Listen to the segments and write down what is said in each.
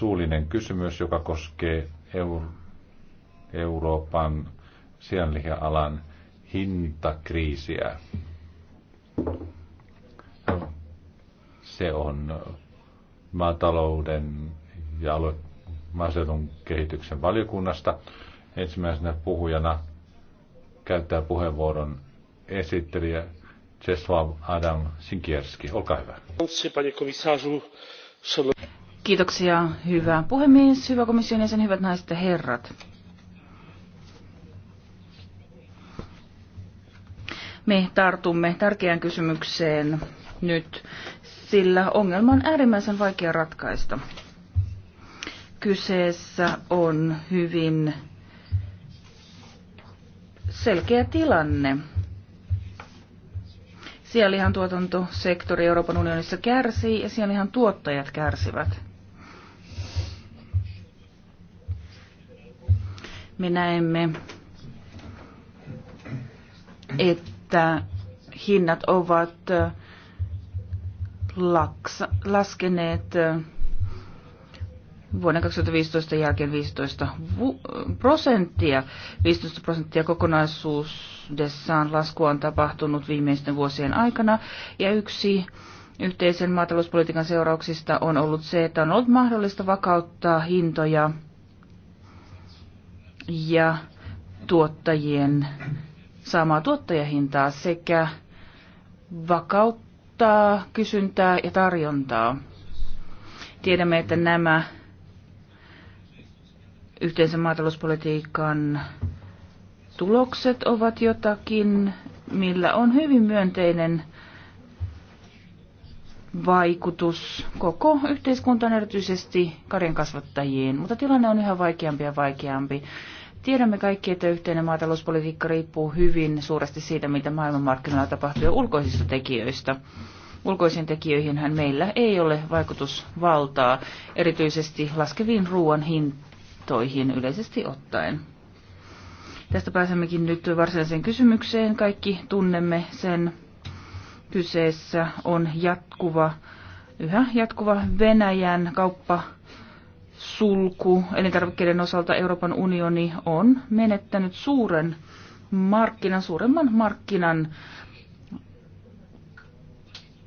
suullinen kysymys, joka koskee Euro- Euroopan sianliha hintakriisiä. Se on maatalouden ja maaseudun kehityksen valiokunnasta. Ensimmäisenä puhujana käyttää puheenvuoron esittelijä Czesław Adam Sinkierski. Olkaa hyvä. Panie komisarzu, Kiitoksia, hyvä puhemies, hyvä komission jäsen, hyvät naiset ja herrat. Me tartumme tärkeään kysymykseen nyt, sillä ongelma on äärimmäisen vaikea ratkaista. Kyseessä on hyvin selkeä tilanne. Sianlihan tuotantosektori Euroopan unionissa kärsii ja sianlihan tuottajat kärsivät. me näemme, että hinnat ovat laskeneet vuoden 2015 jälkeen 15 prosenttia. 15 prosenttia kokonaisuudessaan laskua on tapahtunut viimeisten vuosien aikana. Ja yksi yhteisen maatalouspolitiikan seurauksista on ollut se, että on ollut mahdollista vakauttaa hintoja – ja tuottajien saamaa tuottajahintaa sekä vakauttaa kysyntää ja tarjontaa. Tiedämme, että nämä yhteisen maatalouspolitiikan tulokset ovat jotakin, millä on hyvin myönteinen vaikutus koko yhteiskuntaan, erityisesti karjan kasvattajiin, mutta tilanne on yhä vaikeampi ja vaikeampi. Tiedämme kaikki, että yhteinen maatalouspolitiikka riippuu hyvin suuresti siitä, mitä maailmanmarkkinoilla tapahtuu ja ulkoisista tekijöistä. Ulkoisiin tekijöihin meillä ei ole vaikutusvaltaa, erityisesti laskeviin ruoan hintoihin yleisesti ottaen. Tästä pääsemmekin nyt varsinaiseen kysymykseen. Kaikki tunnemme sen Kyseessä on jatkuva, yhä jatkuva Venäjän kauppa sulku elintarvikkeiden osalta Euroopan unioni on menettänyt suuren markkinan, suuremman markkinan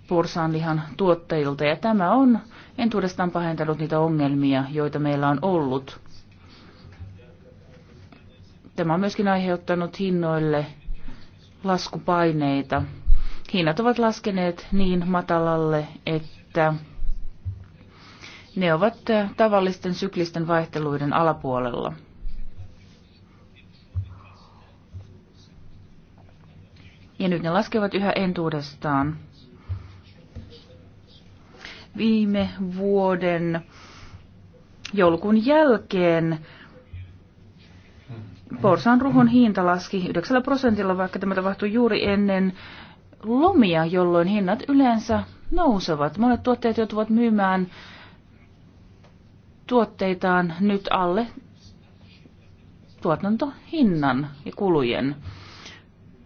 porsaanlihan tuottajilta. Ja tämä on entuudestaan pahentanut niitä ongelmia, joita meillä on ollut. Tämä on myöskin aiheuttanut hinnoille laskupaineita hinnat ovat laskeneet niin matalalle, että ne ovat tavallisten syklisten vaihteluiden alapuolella. Ja nyt ne laskevat yhä entuudestaan. Viime vuoden joulukuun jälkeen hmm. Porsan ruhon hinta laski 9 prosentilla, vaikka tämä tapahtui juuri ennen lomia, jolloin hinnat yleensä nousevat. Monet tuotteet joutuvat myymään tuotteitaan nyt alle tuotantohinnan ja kulujen.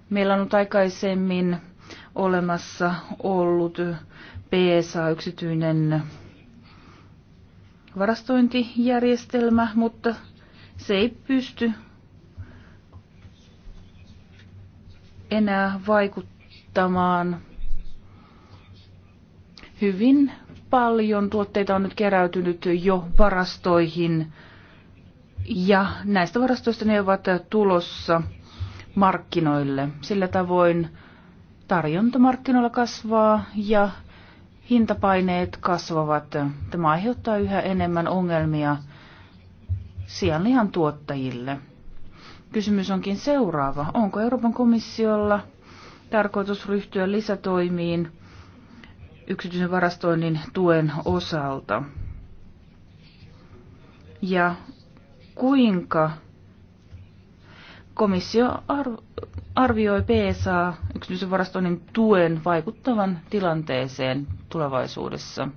Meillä on aikaisemmin olemassa ollut PSA, yksityinen varastointijärjestelmä, mutta se ei pysty enää vaikuttamaan tuottamaan Hyvin paljon tuotteita on nyt keräytynyt jo varastoihin ja näistä varastoista ne ovat tulossa markkinoille. Sillä tavoin tarjonta markkinoilla kasvaa ja hintapaineet kasvavat. Tämä aiheuttaa yhä enemmän ongelmia sianlihan tuottajille. Kysymys onkin seuraava. Onko Euroopan komissiolla tarkoitus ryhtyä lisätoimiin yksityisen varastoinnin tuen osalta. Ja kuinka komissio arvioi PSA yksityisen varastoinnin tuen vaikuttavan tilanteeseen tulevaisuudessa.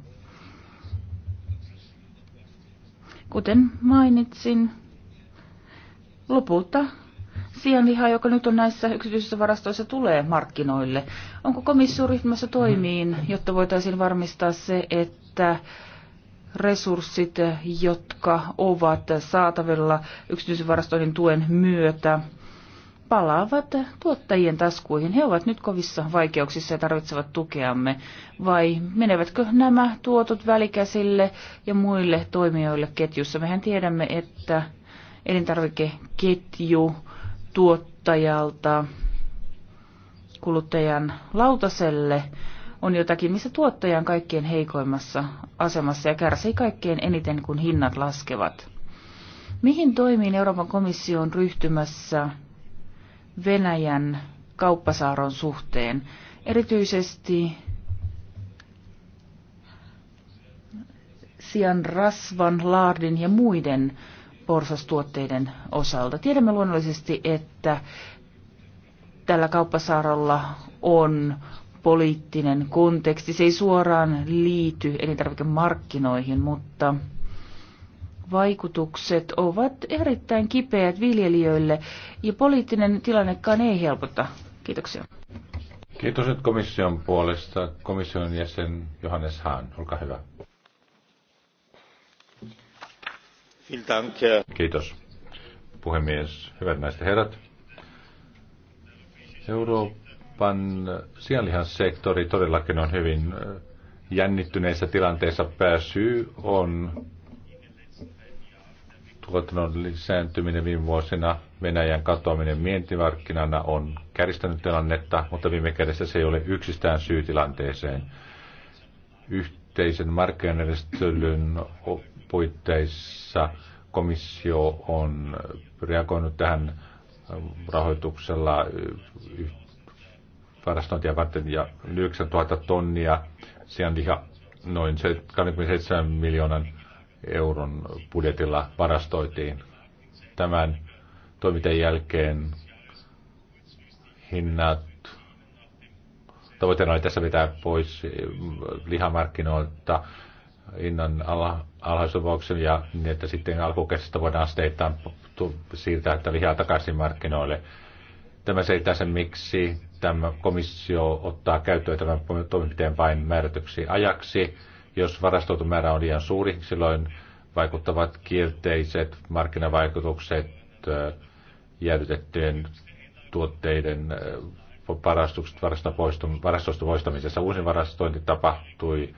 Kuten mainitsin, lopulta sianlihaa, joka nyt on näissä yksityisissä varastoissa, tulee markkinoille. Onko komissio ryhmässä toimiin, jotta voitaisiin varmistaa se, että resurssit, jotka ovat saatavilla yksityisen varastoinnin tuen myötä, palaavat tuottajien taskuihin. He ovat nyt kovissa vaikeuksissa ja tarvitsevat tukeamme. Vai menevätkö nämä tuotot välikäsille ja muille toimijoille ketjussa? Mehän tiedämme, että elintarvikeketju tuottajalta kuluttajan lautaselle on jotakin, missä tuottaja on kaikkein heikoimmassa asemassa ja kärsii kaikkein eniten, kun hinnat laskevat. Mihin toimiin Euroopan komissio on ryhtymässä Venäjän kauppasaaron suhteen? Erityisesti sian rasvan, laardin ja muiden porsastuotteiden osalta. Tiedämme luonnollisesti, että tällä kauppasaaralla on poliittinen konteksti. Se ei suoraan liity elintarvikemarkkinoihin, mutta vaikutukset ovat erittäin kipeät viljelijöille ja poliittinen tilannekaan ei helpota. Kiitoksia. Kiitos nyt komission puolesta. Komission jäsen Johannes Hahn, olkaa hyvä. Kiitos, puhemies. Hyvät naiset ja herrat. Euroopan sianlihasektori todellakin on hyvin jännittyneissä tilanteissa. Pääsyy on tuotannon lisääntyminen viime vuosina, Venäjän katoaminen mientimarkkinana on kärjistänyt tilannetta, mutta viime kädessä se ei ole yksistään syy tilanteeseen. Yhteisen markkinajärjestelyn puitteissa komissio on reagoinut tähän rahoituksella varastointia varten ja 9000 tonnia liha noin 27 miljoonan euron budjetilla varastoitiin. Tämän toiminnan jälkeen hinnat, tavoitteena oli tässä pitää pois mm, lihamarkkinoilta hinnan alhaisuvauksen ja niin, että sitten alkukesästä voidaan asteittain siirtää että lihaa takaisin markkinoille. Tämä selittää sen, miksi tämä komissio ottaa käyttöön tämän toimenpiteen vain määrätyksi ajaksi. Jos varastoitu määrä on liian suuri, silloin vaikuttavat kielteiset markkinavaikutukset jäädytettyjen tuotteiden varastosta poistamisessa. Uusin varastointi tapahtui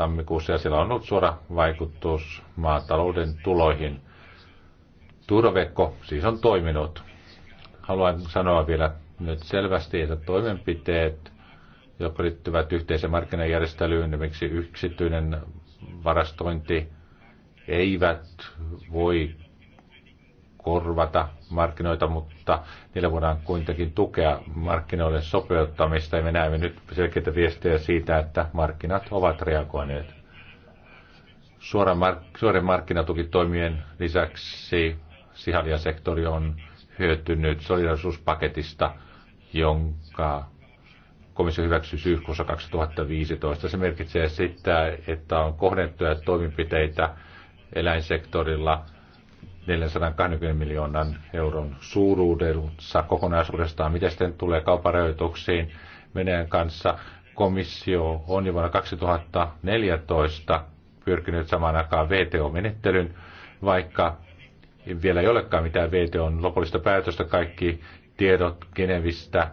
tammikuussa ja sillä on ollut suora vaikutus maatalouden tuloihin. Turvekko siis on toiminut. Haluan sanoa vielä nyt selvästi, että toimenpiteet, jotka liittyvät yhteisen markkinajärjestelyyn, miksi yksityinen varastointi, eivät voi korvata markkinoita, mutta niillä voidaan kuitenkin tukea markkinoiden sopeuttamista. Ja me näemme nyt selkeitä viestejä siitä, että markkinat ovat reagoineet. Suoran mark- suorien markkinatukitoimien lisäksi sihaliasektori on hyötynyt solidarisuuspaketista, jonka komissio hyväksyi syyskuussa 2015. Se merkitsee sitä, että on kohdentuja toimenpiteitä eläinsektorilla – 420 miljoonan euron suuruudessa kokonaisuudestaan. Miten sitten tulee kauparajoituksiin Venäjän kanssa? Komissio on jo vuonna 2014 pyrkinyt samaan aikaan VTO-menettelyn, vaikka vielä ei olekaan mitään on lopullista päätöstä. Kaikki tiedot Genevistä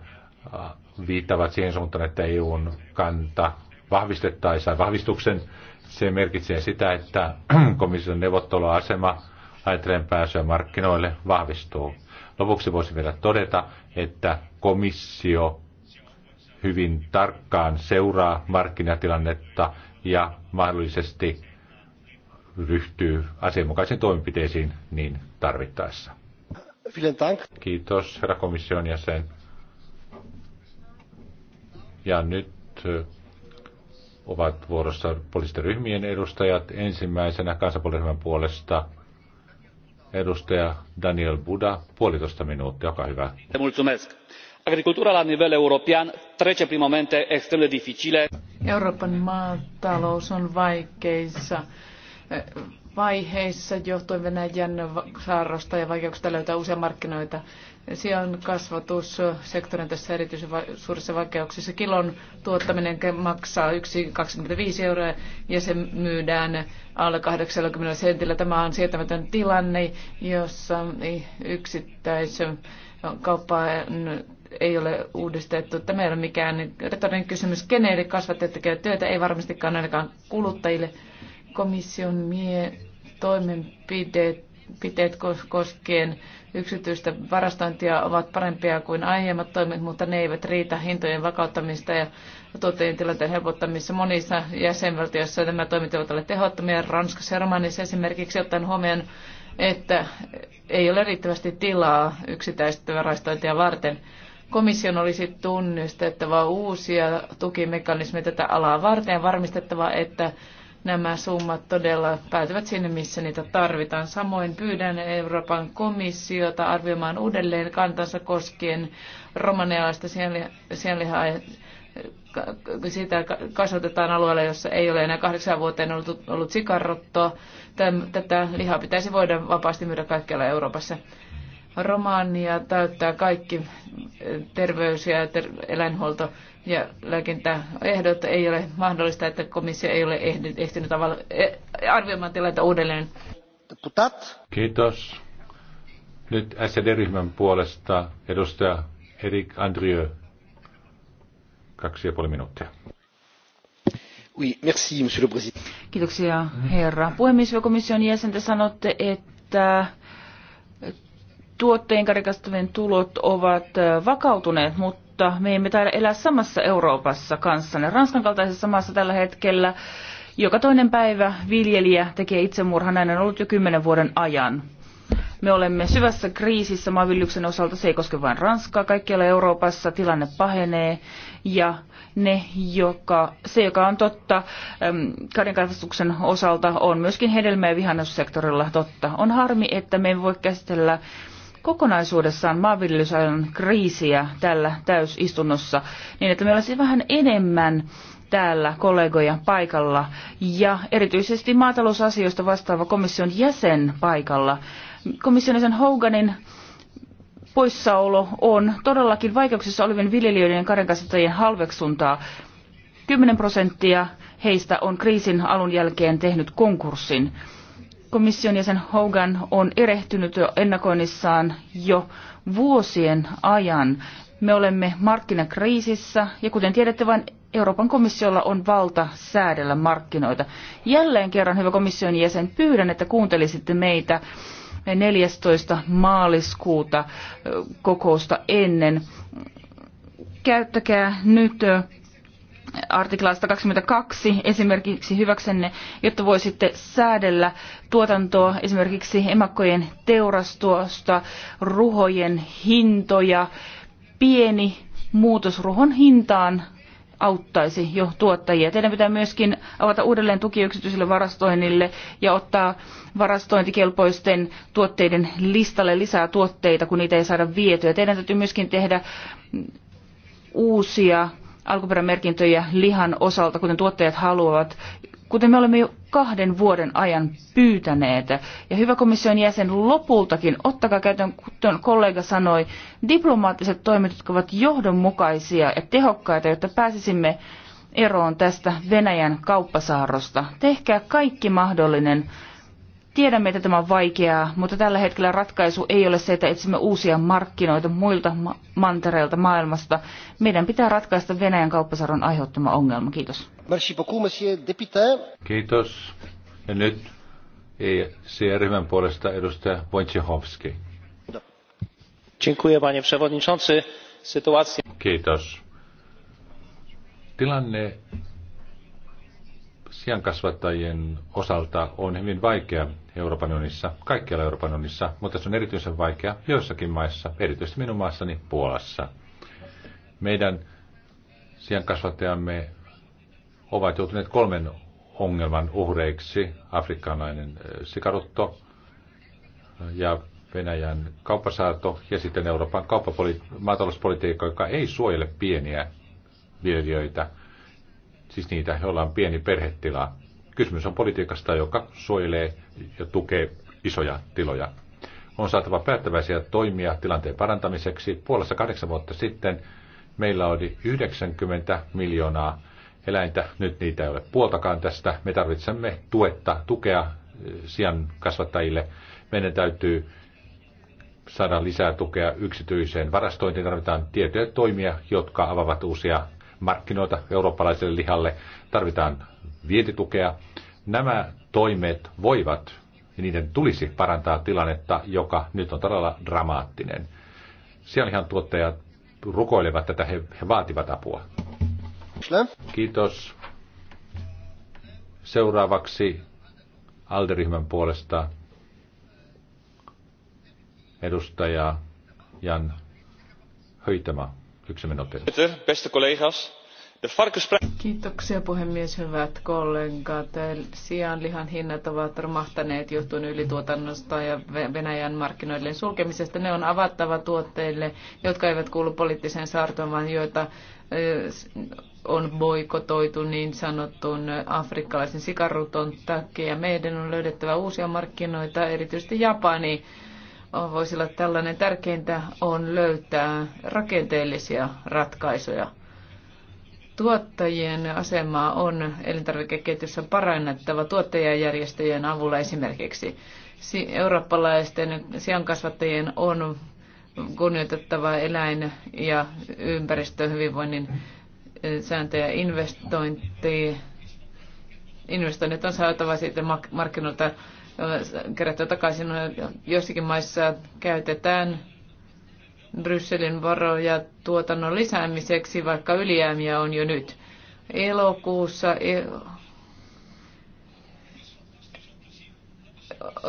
viittavat siihen suuntaan, että EUn kanta vahvistettaisiin vahvistuksen. Se merkitsee sitä, että komission neuvotteluasema ajattelen pääsyä markkinoille, vahvistuu. Lopuksi voisi vielä todeta, että komissio hyvin tarkkaan seuraa markkinatilannetta ja mahdollisesti ryhtyy asianmukaisiin toimenpiteisiin niin tarvittaessa. Kiitos, herra komission jäsen. Ja nyt äh, ovat vuorossa poliisiryhmien ryhmien edustajat. Ensimmäisenä kansanpuolisryhmän puolesta Edustaja Daniel Buda, puolitoista minuuttia, olkaa hyvä. Mulțumesc. Agricultura la nivel european trece prin momente extrem de dificile. Euroopan maatalous on vaikeissa eh, vaiheissa johtuen Venäjän saarrosta ja vaikeuksista löytää uusia markkinoita sian kasvatussektori on tässä erityisen suurissa vaikeuksissa. Kilon tuottaminen maksaa 1,25 euroa ja se myydään alle 80 sentillä. Tämä on sietämätön tilanne, jossa yksittäisen kauppaa ei ole uudistettu. Tämä ei ole mikään retorinen kysymys. Keneille kasvattajat tekevät työtä? Ei varmastikaan ainakaan kuluttajille. Komission mie- toimenpiteet toimenpiteet koskien yksityistä varastointia ovat parempia kuin aiemmat toimet, mutta ne eivät riitä hintojen vakauttamista ja tuottajien tilanteen helpottamissa monissa jäsenvaltioissa. Nämä toimet eivät ole tehottomia. Ranskassa ja Romanissa esimerkiksi ottaen huomioon, että ei ole riittävästi tilaa yksittäistä varastointia varten. Komission olisi tunnistettava uusia tukimekanismeja tätä alaa varten ja varmistettava, että nämä summat todella päätyvät sinne, missä niitä tarvitaan. Samoin pyydän Euroopan komissiota arvioimaan uudelleen kantansa koskien romanialaista sienlihaa sitä kasvatetaan alueella, jossa ei ole enää kahdeksan vuoteen ollut, ollut sikarottoa. Tätä lihaa pitäisi voida vapaasti myydä kaikkialla Euroopassa. Romaania täyttää kaikki eh, terveys- ja ter- eläinhuolto ja lääkintäehdot. Ei ole mahdollista, että komissio ei ole ehtinyt e- arvioimaan tilannetta uudelleen. Kiitos. Nyt SED-ryhmän puolesta edustaja Erik Andrieu. Kaksi ja puoli minuuttia. Oui, merci, monsieur le président. Kiitoksia, herra puhemies. Komission jäsentä sanotte, että tuotteen karikastavien tulot ovat vakautuneet, mutta mutta me emme taida elää samassa Euroopassa kanssanne. Ranskan kaltaisessa maassa tällä hetkellä joka toinen päivä viljelijä tekee itsemurhan, näin on ollut jo kymmenen vuoden ajan. Me olemme syvässä kriisissä maanviljelyksen osalta, se ei koske vain Ranskaa, kaikkialla Euroopassa tilanne pahenee ja ne, joka, se joka on totta karjankasvatuksen osalta on myöskin hedelmä- ja vihannussektorilla totta. On harmi, että me emme voi käsitellä kokonaisuudessaan maanviljelysalan kriisiä tällä täysistunnossa, niin että meillä olisi vähän enemmän täällä kollegoja paikalla ja erityisesti maatalousasioista vastaava komission jäsen paikalla. Komission jäsen Hoganin poissaolo on todellakin vaikeuksissa olevien viljelijöiden ja karenkasvattajien halveksuntaa. 10 prosenttia heistä on kriisin alun jälkeen tehnyt konkurssin komission jäsen Hogan on erehtynyt jo ennakoinnissaan jo vuosien ajan. Me olemme markkinakriisissä ja kuten tiedätte, vain Euroopan komissiolla on valta säädellä markkinoita. Jälleen kerran, hyvä komission jäsen, pyydän, että kuuntelisitte meitä 14. maaliskuuta kokousta ennen. Käyttäkää nyt artikla 122 esimerkiksi hyväksenne, jotta voisitte säädellä tuotantoa esimerkiksi emakkojen teurastuosta, ruhojen hintoja. Pieni muutos ruhon hintaan auttaisi jo tuottajia. Teidän pitää myöskin avata uudelleen tuki yksityiselle varastoinnille ja ottaa varastointikelpoisten tuotteiden listalle lisää tuotteita, kun niitä ei saada vietyä. Teidän täytyy myöskin tehdä uusia alkuperämerkintöjä lihan osalta, kuten tuottajat haluavat, kuten me olemme jo kahden vuoden ajan pyytäneet. Ja hyvä komission jäsen, lopultakin, ottakaa käytön, kuten kollega sanoi, diplomaattiset toimet, jotka ovat johdonmukaisia ja tehokkaita, jotta pääsisimme eroon tästä Venäjän kauppasaarrosta. Tehkää kaikki mahdollinen Tiedämme, että tämä on vaikeaa, mutta tällä hetkellä ratkaisu ei ole se, että etsimme uusia markkinoita muilta ma- mantereilta maailmasta. Meidän pitää ratkaista Venäjän kauppasaron aiheuttama ongelma. Kiitos. Kiitos. Ja nyt ECR-ryhmän puolesta edustaja Wojciechowski. Dziękuję, panie przewodniczący. Sytuacja... Kiitos. Tilanne siankasvattajien osalta on hyvin vaikea Euroopan unionissa, kaikkialla Euroopan unionissa, mutta se on erityisen vaikea joissakin maissa, erityisesti minun maassani Puolassa. Meidän siankasvattajamme ovat joutuneet kolmen ongelman uhreiksi, afrikkalainen sikarutto ja Venäjän kauppasaarto ja sitten Euroopan kauppapoli- maatalouspolitiikka, joka ei suojele pieniä viljelijöitä siis niitä, joilla on pieni perhetila. Kysymys on politiikasta, joka suojelee ja tukee isoja tiloja. On saatava päättäväisiä toimia tilanteen parantamiseksi. Puolessa kahdeksan vuotta sitten meillä oli 90 miljoonaa eläintä, nyt niitä ei ole puoltakaan tästä. Me tarvitsemme tuetta, tukea eh, sian kasvattajille. Meidän täytyy saada lisää tukea yksityiseen varastointiin. Tarvitaan tietoja toimia, jotka avaavat uusia markkinoita eurooppalaiselle lihalle, tarvitaan vientitukea. Nämä toimet voivat ja niiden tulisi parantaa tilannetta, joka nyt on todella dramaattinen. Sianlihan tuottajat rukoilevat tätä, he, he vaativat apua. Kiitos. Seuraavaksi Alderyhmän puolesta edustaja Jan Höytämä. Yksi minuutti. Kiitoksia puhemies, hyvät kollegat. Sianlihan hinnat ovat romahtaneet johtuen ylituotannosta ja Venäjän markkinoiden sulkemisesta. Ne on avattava tuotteille, jotka eivät kuulu poliittiseen saartoon, vaan joita on boikotoitu niin sanotun afrikkalaisen sikaruton takia. Meidän on löydettävä uusia markkinoita, erityisesti Japani voisi olla tällainen. Tärkeintä on löytää rakenteellisia ratkaisuja. Tuottajien asemaa on elintarvikeketjussa parannettava tuottajajärjestöjen avulla esimerkiksi. Eurooppalaisten siankasvattajien on kunnioitettava eläin- ja ympäristöhyvinvoinnin eh, sääntöjä investointi. Investoinnit on saatava sitten markkinoilta kerättyä takaisin. Joissakin maissa käytetään Brysselin varoja tuotannon lisäämiseksi, vaikka ylijäämiä on jo nyt. Elokuussa e,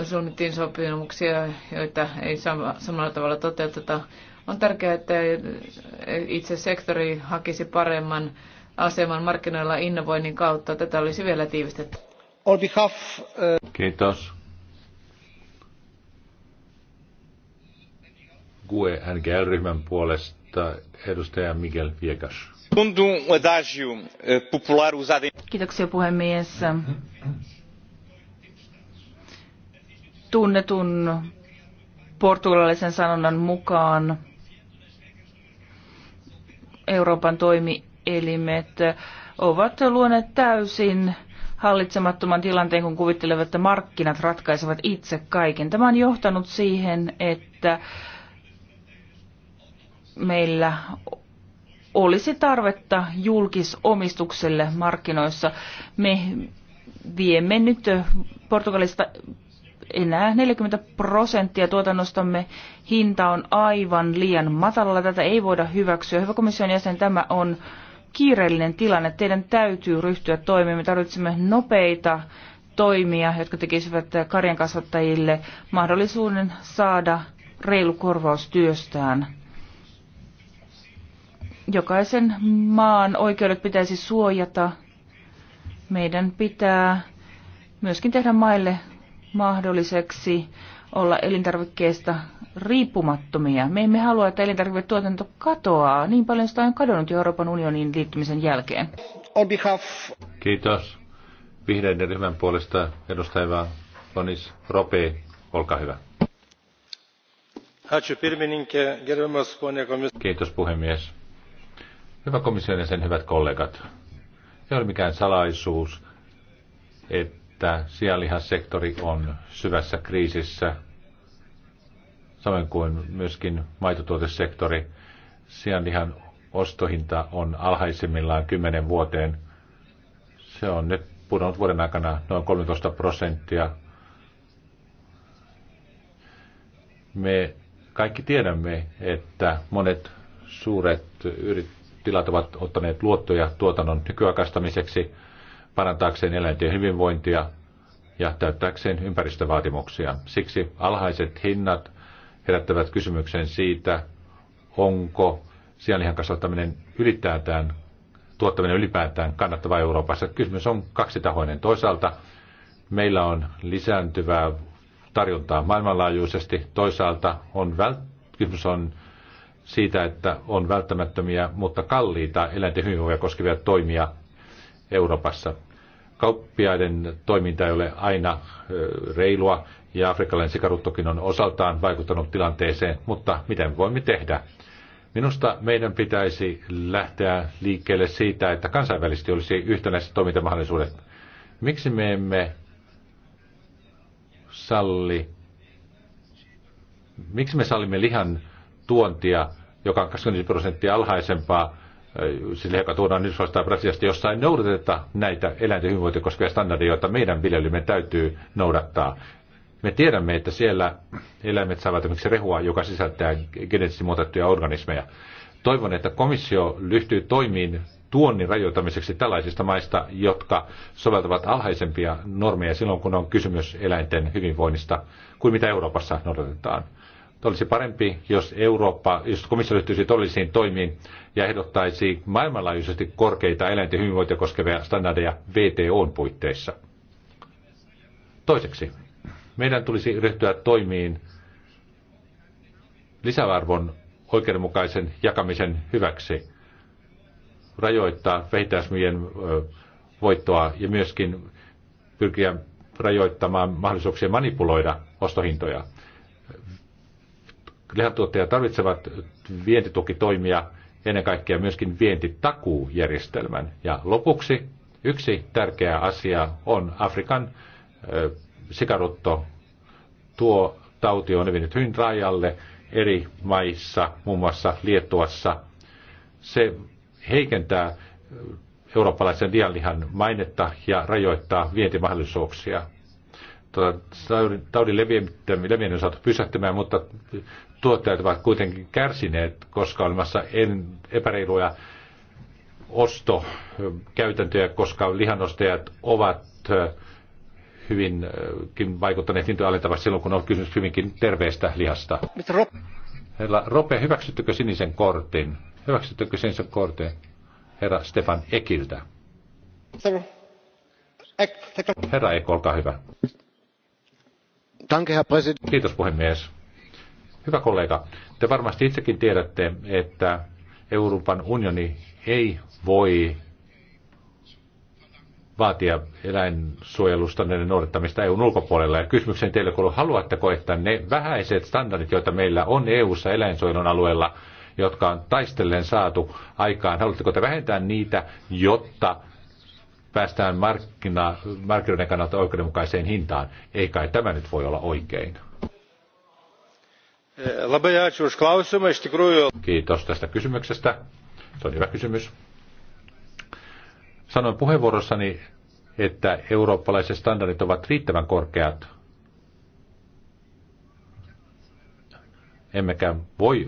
suunnittiin sopimuksia, joita ei samalla tavalla toteuteta. On tärkeää, että itse sektori hakisi paremman aseman markkinoilla innovoinnin kautta. Tätä olisi vielä tiivistetty. Kiitos. GUE NGL-ryhmän puolesta edustaja Miguel Viegas. Um eh, Kiitoksia puhemies. Tunnetun portugalaisen sanonnan mukaan Euroopan toimielimet ovat luoneet täysin hallitsemattoman tilanteen, kun kuvittelevat, että markkinat ratkaisevat itse kaiken. Tämä on johtanut siihen, että meillä olisi tarvetta julkisomistukselle markkinoissa. Me viemme nyt Portugalista enää 40 prosenttia tuotannostamme hinta on aivan liian matalalla. Tätä ei voida hyväksyä. Hyvä komission jäsen, tämä on kiireellinen tilanne. Teidän täytyy ryhtyä toimiin. Me tarvitsemme nopeita toimia, jotka tekisivät karjankasvattajille mahdollisuuden saada reilu korvaus työstään jokaisen maan oikeudet pitäisi suojata. Meidän pitää myöskin tehdä maille mahdolliseksi olla elintarvikkeista riippumattomia. Me emme halua, että elintarviketuotanto katoaa. Niin paljon sitä on kadonnut jo Euroopan unionin liittymisen jälkeen. On behalf... Kiitos. Vihreiden ryhmän puolesta edustaja Lonis Rope, olkaa hyvä. Kiitos puhemies. Hyvä komission ja sen hyvät kollegat, ei ole mikään salaisuus, että sianlihassektori on syvässä kriisissä, samoin kuin myöskin maitotuotesektori. Sianlihan ostohinta on alhaisimmillaan 10 vuoteen. Se on nyt pudonnut vuoden aikana noin 13 prosenttia. Me kaikki tiedämme, että monet suuret yrit, tilat ovat ottaneet luottoja tuotannon nykyaikaistamiseksi, parantaakseen eläinten hyvinvointia ja täyttääkseen ympäristövaatimuksia. Siksi alhaiset hinnat herättävät kysymyksen siitä, onko sianlihan kasvattaminen ylipäätään, tuottaminen ylipäätään kannattavaa Euroopassa. Kysymys on kaksitahoinen. Toisaalta meillä on lisääntyvää tarjontaa maailmanlaajuisesti. Toisaalta on vält- kysymys on siitä, että on välttämättömiä, mutta kalliita eläinten hyvinvointia koskevia toimia Euroopassa. Kauppiaiden toiminta ei ole aina reilua ja afrikkalainen sikaruttokin on osaltaan vaikuttanut tilanteeseen, mutta miten voimme tehdä? Minusta meidän pitäisi lähteä liikkeelle siitä, että kansainvälisesti olisi yhtenäiset toimintamahdollisuudet. Miksi me emme salli, miksi me sallimme lihan tuontia joka on 20 prosenttia alhaisempaa äh, sille, joka tuodaan Yhdysvalloista ja Brasiliasta, jossa ei noudateta näitä eläinten hyvinvointia koskevia standardeja, joita meidän viljelymme täytyy noudattaa. Me tiedämme, että siellä eläimet saavat esimerkiksi rehua, joka sisältää geneettisesti muotettuja organismeja. Toivon, että komissio lyhtyy toimiin tuonnin rajoittamiseksi tällaisista maista, jotka soveltavat alhaisempia normeja silloin, kun on kysymys eläinten hyvinvoinnista, kuin mitä Euroopassa noudatetaan olisi parempi, jos Eurooppa, jos komissio ryhtyisi todellisiin toimiin ja ehdottaisi maailmanlaajuisesti korkeita eläinten hyvinvointia koskevia standardeja VTOn puitteissa. Toiseksi, meidän tulisi ryhtyä toimiin lisäarvon oikeudenmukaisen jakamisen hyväksi, rajoittaa vähittäismyyjien voittoa ja myöskin pyrkiä rajoittamaan mahdollisuuksia manipuloida ostohintoja lihantuottajat tarvitsevat vientitukitoimia, ennen kaikkea myöskin vientitakuujärjestelmän. Ja lopuksi yksi tärkeä asia on Afrikan ö, sikarutto. Tuo tauti on levinnyt hyvin rajalle eri maissa, muun muassa Liettuassa. Se heikentää eurooppalaisen lianlihan mainetta ja rajoittaa vientimahdollisuuksia taudin leviäminen on saatu pysähtymään, mutta tuottajat ovat kuitenkin kärsineet, koska on olemassa epäreiluja ostokäytäntöjä, koska lihanostajat ovat hyvinkin vaikuttaneet hintoja alentavasti silloin, kun on kysymys hyvinkin terveestä lihasta. Herra Rope, hyväksyttekö sinisen kortin? Hyväksyttekö sinisen kortin herra Stefan Ekiltä? Herra Ek, olkaa hyvä. Kiitos puhemies. Hyvä kollega, te varmasti itsekin tiedätte, että Euroopan unioni ei voi vaatia eläinsuojelusta näiden noudattamista EUn ulkopuolella. Ja kysymykseni teille kuuluu, haluatteko, että ne vähäiset standardit, joita meillä on EUssa eläinsuojelun alueella, jotka on taistellen saatu aikaan, haluatteko te vähentää niitä, jotta päästään markkina, markkinoiden kannalta oikeudenmukaiseen hintaan. Ei kai tämä nyt voi olla oikein. E, Kiitos tästä kysymyksestä. Se on hyvä kysymys. Sanoin puheenvuorossani, että eurooppalaiset standardit ovat riittävän korkeat. Emmekä voi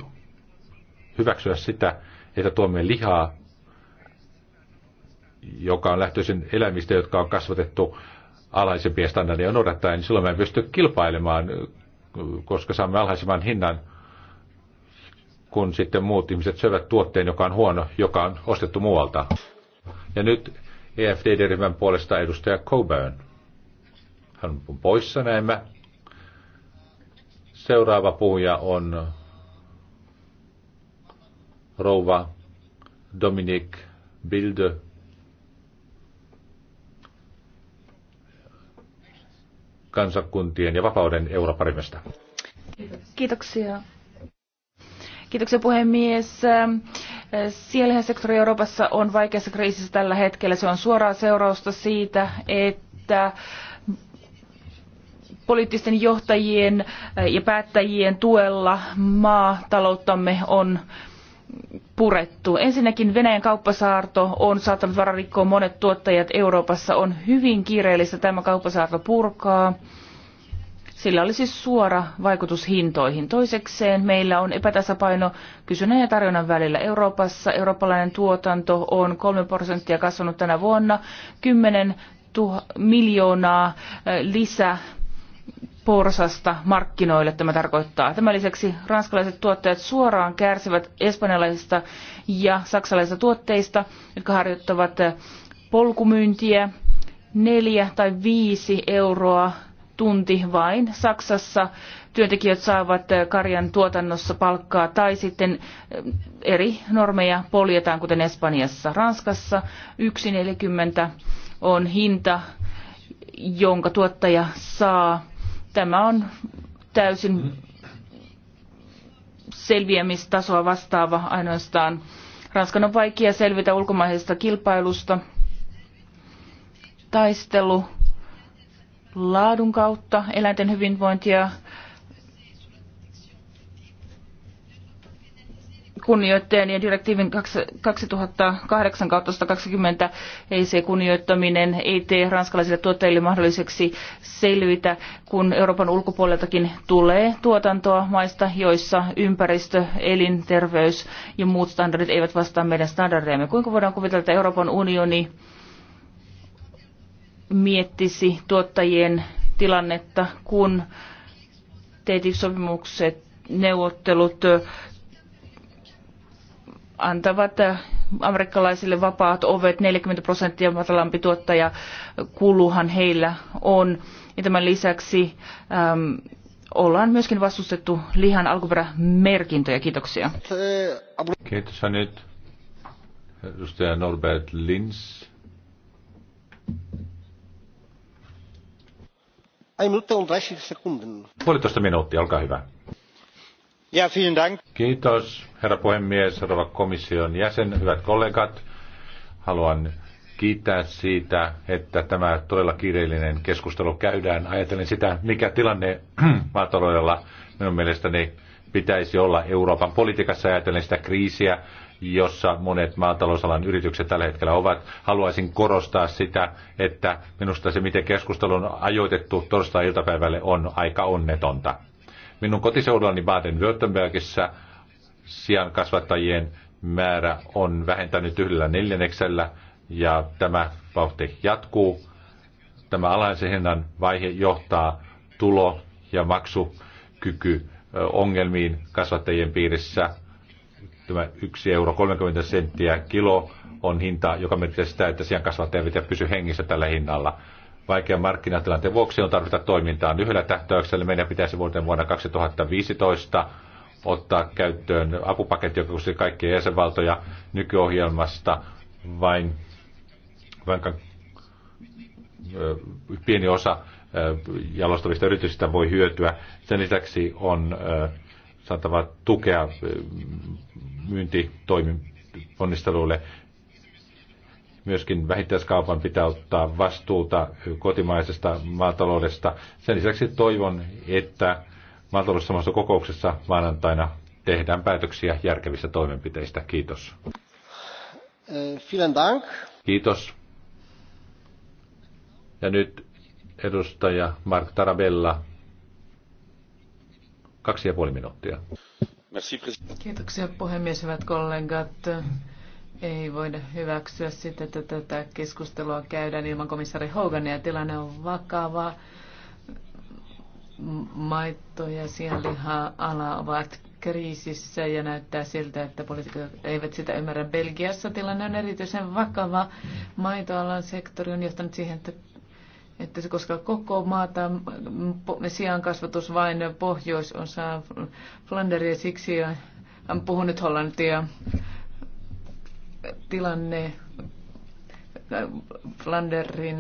hyväksyä sitä, että tuomme lihaa joka on lähtöisin eläimistä, jotka on kasvatettu alhaisempia standardeja noudattaen, niin silloin me ei pysty kilpailemaan, koska saamme alhaisemman hinnan, kun sitten muut ihmiset syövät tuotteen, joka on huono, joka on ostettu muualta. Ja nyt EFD-ryhmän puolesta edustaja Coburn. Hän on poissa näemme. Seuraava puhuja on rouva Dominique Bilde kansakuntien ja vapauden europarimesta. Kiitoksia. Kiitoksia puhemies. Sielinen sektori Euroopassa on vaikeassa kriisissä tällä hetkellä. Se on suoraa seurausta siitä, että poliittisten johtajien ja päättäjien tuella maatalouttamme on purettu. Ensinnäkin Venäjän kauppasaarto on saattanut vararikkoon monet tuottajat Euroopassa. On hyvin kiireellistä tämä kauppasaarto purkaa. Sillä oli siis suora vaikutus hintoihin. Toisekseen meillä on epätasapaino kysynnän ja tarjonnan välillä Euroopassa. Eurooppalainen tuotanto on 3 prosenttia kasvanut tänä vuonna, 10 miljoonaa eh, lisää porsasta markkinoille tämä tarkoittaa. Tämän lisäksi ranskalaiset tuottajat suoraan kärsivät espanjalaisista ja saksalaisista tuotteista, jotka harjoittavat polkumyyntiä neljä tai viisi euroa tunti vain Saksassa. Työntekijät saavat karjan tuotannossa palkkaa tai sitten eh, eri normeja poljetaan, kuten Espanjassa. Ranskassa 1,40 on hinta, jonka tuottaja saa Tämä on täysin selviämistasoa vastaava ainoastaan. Ranskan on vaikea selvitä ulkomaisesta kilpailusta. Taistelu laadun kautta, eläinten hyvinvointia kunnioitteen ja direktiivin 2008-20 EC-kunnioittaminen ei tee ranskalaisille tuottajille mahdolliseksi selvitä, kun Euroopan ulkopuoleltakin tulee tuotantoa maista, joissa ympäristö, elinterveys ja muut standardit eivät vastaa meidän standardejamme. Kuinka voidaan kuvitella, että Euroopan unioni miettisi tuottajien tilannetta, kun TTIP-sopimukset neuvottelut antavat äh, amerikkalaisille vapaat ovet, 40 prosenttia matalampi kuluhan heillä on. Ja tämän lisäksi äm, ollaan myöskin vastustettu lihan alkuperämerkintöjä. Kiitoksia. Kiitos nyt. Edustaja Norbert Lins. Puolitoista minuuttia, olkaa hyvä. Ja, vielen dank. Kiitos, herra puhemies, rouva komission jäsen, hyvät kollegat. Haluan kiittää siitä, että tämä todella kiireellinen keskustelu käydään. Ajatellen sitä, mikä tilanne maataloudella minun mielestäni pitäisi olla Euroopan politiikassa ajatellen sitä kriisiä, jossa monet maatalousalan yritykset tällä hetkellä ovat. Haluaisin korostaa sitä, että minusta se, miten keskustelu on ajoitettu torstai-iltapäivälle, on aika onnetonta. Minun kotiseudullani Baden-Württembergissä sian kasvattajien määrä on vähentänyt yhdellä neljänneksellä ja tämä vauhti jatkuu. Tämä alhaisen hinnan vaihe johtaa tulo- ja maksukyky ongelmiin kasvattajien piirissä. Tämä 1 euro 30 senttiä kilo on hinta, joka merkitsee sitä, että sian kasvattajat pitää pysy hengissä tällä hinnalla. Vaikean markkinatilanteen vuoksi on tarvita toimintaa lyhyellä tähtäyksellä. Meidän pitäisi vuoteen vuonna 2015 ottaa käyttöön apupaketti, joka koskee kaikkia jäsenvaltoja nykyohjelmasta. Vain, vain pieni osa jalostavista yrityksistä voi hyötyä. Sen lisäksi on saatava tukea myyntitoimintalle ponnisteluille. Myöskin vähittäiskaupan pitää ottaa vastuuta kotimaisesta maataloudesta. Sen lisäksi toivon, että maataloussamassa kokouksessa maanantaina tehdään päätöksiä järkevistä toimenpiteistä. Kiitos. Eh, vielen Dank. Kiitos. Ja nyt edustaja Mark Tarabella. Kaksi ja puoli minuuttia. Kiitoksia puhemies, hyvät kollegat. Ei voida hyväksyä sitä, että tätä keskustelua käydään ilman komissari Hogania. Tilanne on vakava. Maitto- ja sianliha-ala ovat kriisissä ja näyttää siltä, että poliitikot eivät sitä ymmärrä. Belgiassa tilanne on erityisen vakava. Maitoalan sektori on johtanut siihen, että että se koska koko maata sijaan kasvatus vain pohjoisosa Flanderia siksi ja puhunut hollantia tilanne äh, Flanderin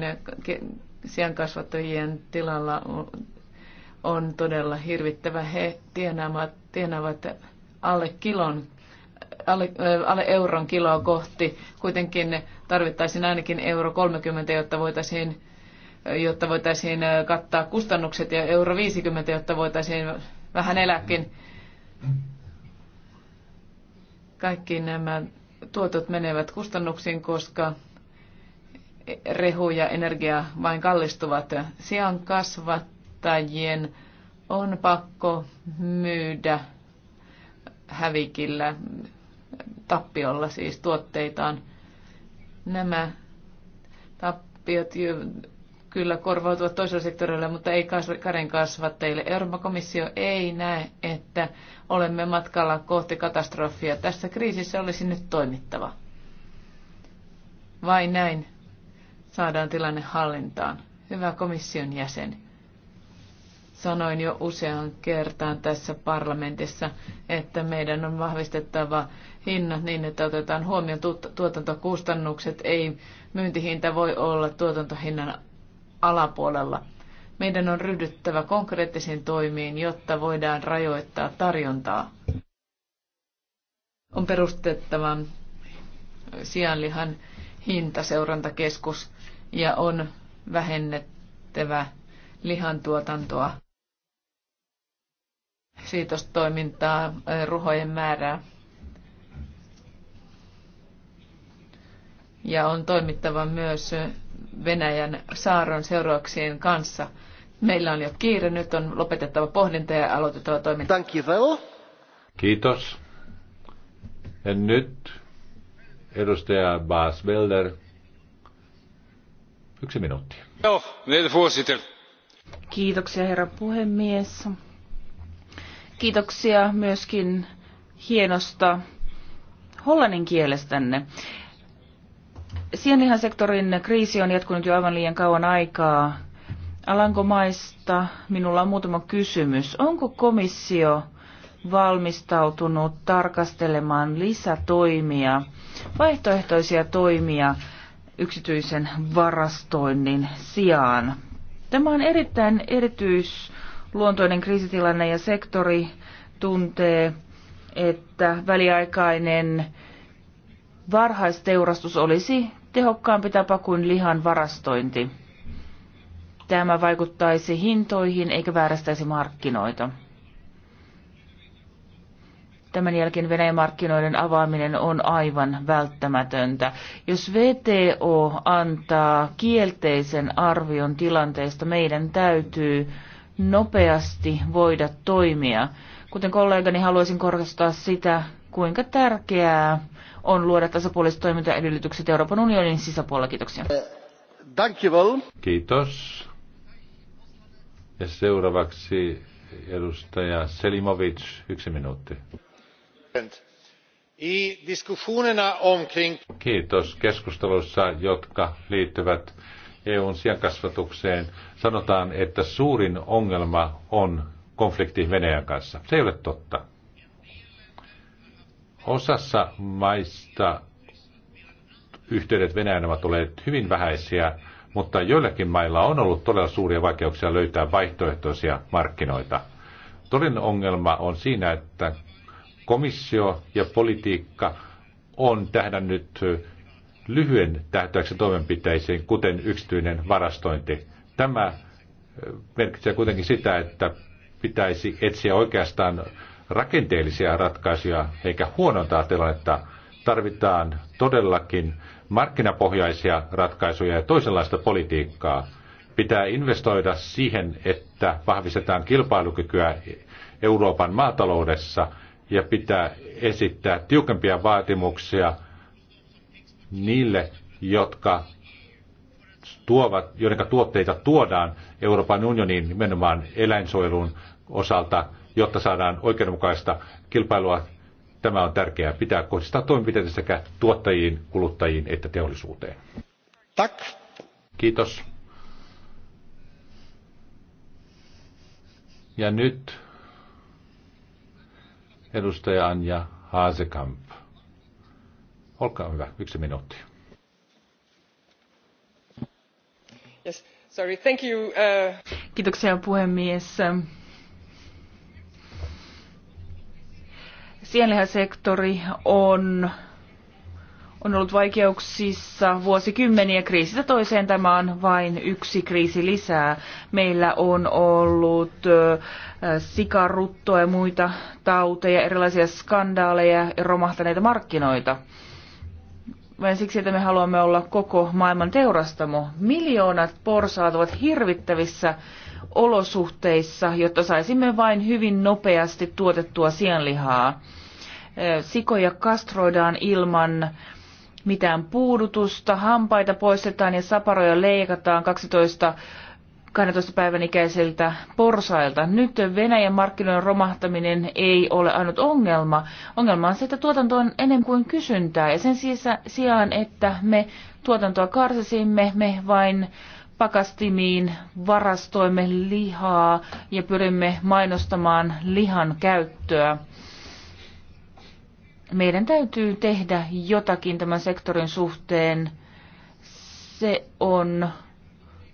siankasvattajien tilalla on todella hirvittävä. He tienaavat, tienaavat alle kilon alle, äh, alle euron kiloa kohti. Kuitenkin tarvittaisiin ainakin euro 30, jotta voitaisiin, jotta voitaisiin äh, kattaa kustannukset ja euro 50, jotta voitaisiin vähän eläkin. Kaikki nämä tuotot menevät kustannuksiin, koska rehu ja energia vain kallistuvat. Sian kasvattajien on pakko myydä hävikillä, tappiolla siis tuotteitaan. Nämä tappiot kyllä korvautuvat toisella sektorilla, mutta ei kaden kasvattajille. Euroopan komissio ei näe, että olemme matkalla kohti katastrofia. Tässä kriisissä olisi nyt toimittava. Vai näin saadaan tilanne hallintaan. Hyvä komission jäsen. Sanoin jo usean kertaan tässä parlamentissa, että meidän on vahvistettava hinnat niin, että otetaan huomioon tuotantokustannukset. Ei myyntihinta voi olla tuotantohinnan alapuolella. Meidän on ryhdyttävä konkreettisiin toimiin, jotta voidaan rajoittaa tarjontaa. On perustettava sianlihan hintaseurantakeskus ja on vähennettävä lihantuotantoa, siitostoimintaa, ruhojen määrää. Ja on toimittava myös Venäjän saaron seurauksien kanssa. Meillä on jo kiire, nyt on lopetettava pohdinta ja aloitettava toiminta. Kiitos. Ja nyt edustaja Bas Belder. Yksi minuutti. Joo, Kiitoksia herra puhemies. Kiitoksia myöskin hienosta hollannin kielestänne. Sienlihan kriisi on jatkunut jo aivan liian kauan aikaa. Alankomaista minulla on muutama kysymys. Onko komissio valmistautunut tarkastelemaan lisätoimia, vaihtoehtoisia toimia yksityisen varastoinnin sijaan? Tämä on erittäin erityisluontoinen kriisitilanne ja sektori tuntee, että väliaikainen varhaisteurastus olisi tehokkaampi tapa kuin lihan varastointi. Tämä vaikuttaisi hintoihin eikä väärästäisi markkinoita. Tämän jälkeen Venäjän markkinoiden avaaminen on aivan välttämätöntä. Jos VTO antaa kielteisen arvion tilanteesta, meidän täytyy nopeasti voida toimia. Kuten kollegani, haluaisin korostaa sitä, kuinka tärkeää on luoda tasapuoliset toimintaedellytykset Euroopan unionin sisäpuolella. Kiitoksia. Kiitos. Ja seuraavaksi edustaja Selimovic, yksi minuutti. Kiitos keskustelussa, jotka liittyvät EUn sijankasvatukseen. Sanotaan, että suurin ongelma on konflikti Venäjän kanssa. Se ei ole totta. Osassa maista yhteydet Venäjään ovat olleet hyvin vähäisiä, mutta joillakin mailla on ollut todella suuria vaikeuksia löytää vaihtoehtoisia markkinoita. Todellinen ongelma on siinä, että komissio ja politiikka on tähdännyt lyhyen tähtäyksen toimenpiteisiin, kuten yksityinen varastointi. Tämä eh, merkitsee kuitenkin sitä, että pitäisi etsiä oikeastaan rakenteellisia ratkaisuja eikä huonontaa tilannetta. Tarvitaan todellakin markkinapohjaisia ratkaisuja ja toisenlaista politiikkaa. Pitää investoida siihen, että vahvistetaan kilpailukykyä Euroopan maataloudessa ja pitää esittää tiukempia vaatimuksia niille, jotka tuovat, joiden tuotteita tuodaan Euroopan unioniin nimenomaan eläinsuojelun osalta – jotta saadaan oikeudenmukaista kilpailua. Tämä on tärkeää. Pitää kohdistaa toimenpiteitä sekä tuottajiin, kuluttajiin että teollisuuteen. Tak. Kiitos. Ja nyt edustaja Anja Haasekamp. Olkaa hyvä, yksi minuutti. Yes, sorry, thank you, uh... Kiitoksia puhemies. Sienlihasektori on, on ollut vaikeuksissa vuosikymmeniä kriisistä toiseen. Tämä on vain yksi kriisi lisää. Meillä on ollut sikaruttoa ja muita tauteja, erilaisia skandaaleja ja romahtaneita markkinoita vain siksi, että me haluamme olla koko maailman teurastamo. Miljoonat porsaat ovat hirvittävissä olosuhteissa, jotta saisimme vain hyvin nopeasti tuotettua sienlihaa sikoja kastroidaan ilman mitään puudutusta, hampaita poistetaan ja saparoja leikataan 12 12 päivän ikäiseltä porsailta. Nyt Venäjän markkinoiden romahtaminen ei ole ainut ongelma. Ongelma on se, että tuotanto on enemmän kuin kysyntää ja sen sijaan, että me tuotantoa karsisimme, me vain pakastimiin varastoimme lihaa ja pyrimme mainostamaan lihan käyttöä meidän täytyy tehdä jotakin tämän sektorin suhteen. Se on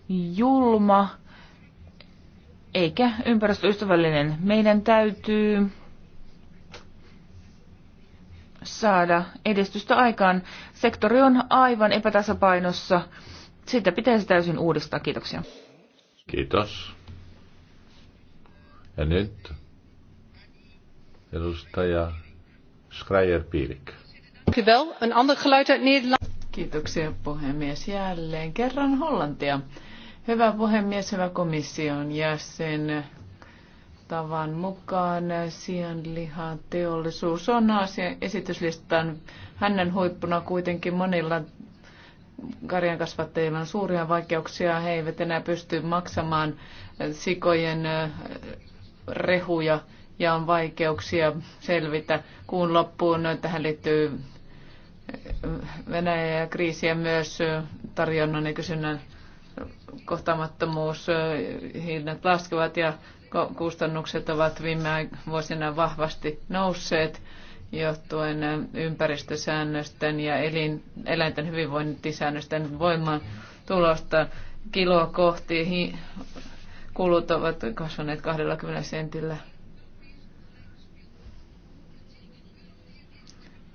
julma eikä ympäristöystävällinen. Meidän täytyy saada edistystä aikaan. Sektori on aivan epätasapainossa. Sitä pitäisi täysin uudistaa. Kiitoksia. Kiitos. Ja nyt edustaja Schreier Piirik. Kiitoksia puhemies. Jälleen kerran Hollantia. Hyvä puhemies, hyvä komission jäsen. Tavan mukaan sianliha teollisuus on asia esityslistan hänen huippuna kuitenkin monilla karjan kasvattajilla on suuria vaikeuksia. He eivät enää pysty maksamaan sikojen eh, rehuja ja on vaikeuksia selvitä kuun loppuun. Tähän liittyy eh, Venäjä ja kriisiä myös eh, tarjonnan ja kysynnän kohtaamattomuus, eh, hinnat laskevat ja kustannukset ovat viime vuosina vahvasti nousseet johtuen ympäristösäännösten ja elin, eläinten hyvinvointisäännösten voiman tulosta. Kiloa kohti hi, kulut ovat kasvaneet 20 sentillä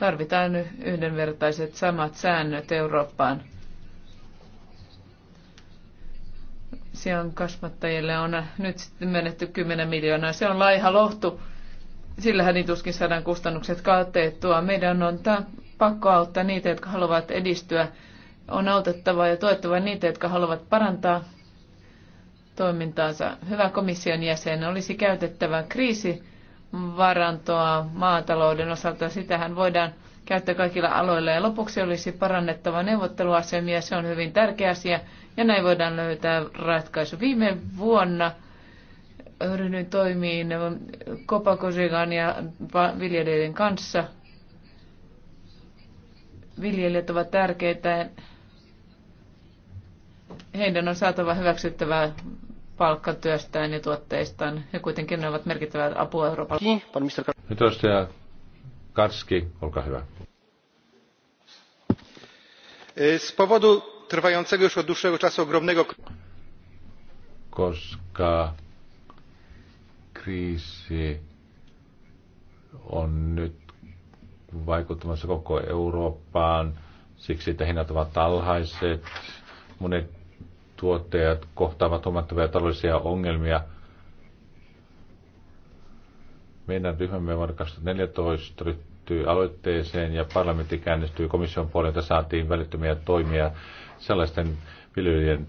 Tarvitaan yhdenvertaiset samat säännöt Eurooppaan. Sian kasvattajille on nyt sitten menetty 10 miljoonaa. Se on laiha lohtu. Sillähän niin tuskin saadaan kustannukset kaatteettua. Meidän on ta- pakko auttaa niitä, jotka haluavat edistyä. On autettava ja tuettava niitä, jotka haluavat parantaa toimintaansa. Hyvä komission jäsen olisi käytettävä kriisi varantoa maatalouden osalta. Sitähän voidaan käyttää kaikilla aloilla. Ja lopuksi olisi parannettava neuvotteluasemia. Se on hyvin tärkeä asia. Ja näin voidaan löytää ratkaisu. Viime vuonna ryhdyin toimiin Kopakosigan ja viljelijöiden kanssa. Viljelijät ovat tärkeitä. Heidän on saatava hyväksyttävää palkkatyöstään ja tuotteistaan. Ja kuitenkin ne ovat merkittävää apua Euroopalle. Niin, nyt edustaja Karski, olkaa hyvä. E, z powodu trwającego już od dłuższego czasu ogromnego... Koska kriisi on nyt vaikuttamassa koko Eurooppaan siksi, että hinnat ovat alhaiset. Monet tuottajat kohtaavat huomattavia taloudellisia ongelmia. Meidän ryhmämme vuonna 2014 ryhtyi aloitteeseen ja parlamentti käännistyi komission puolelta. Saatiin välittömiä toimia sellaisten viljelijöiden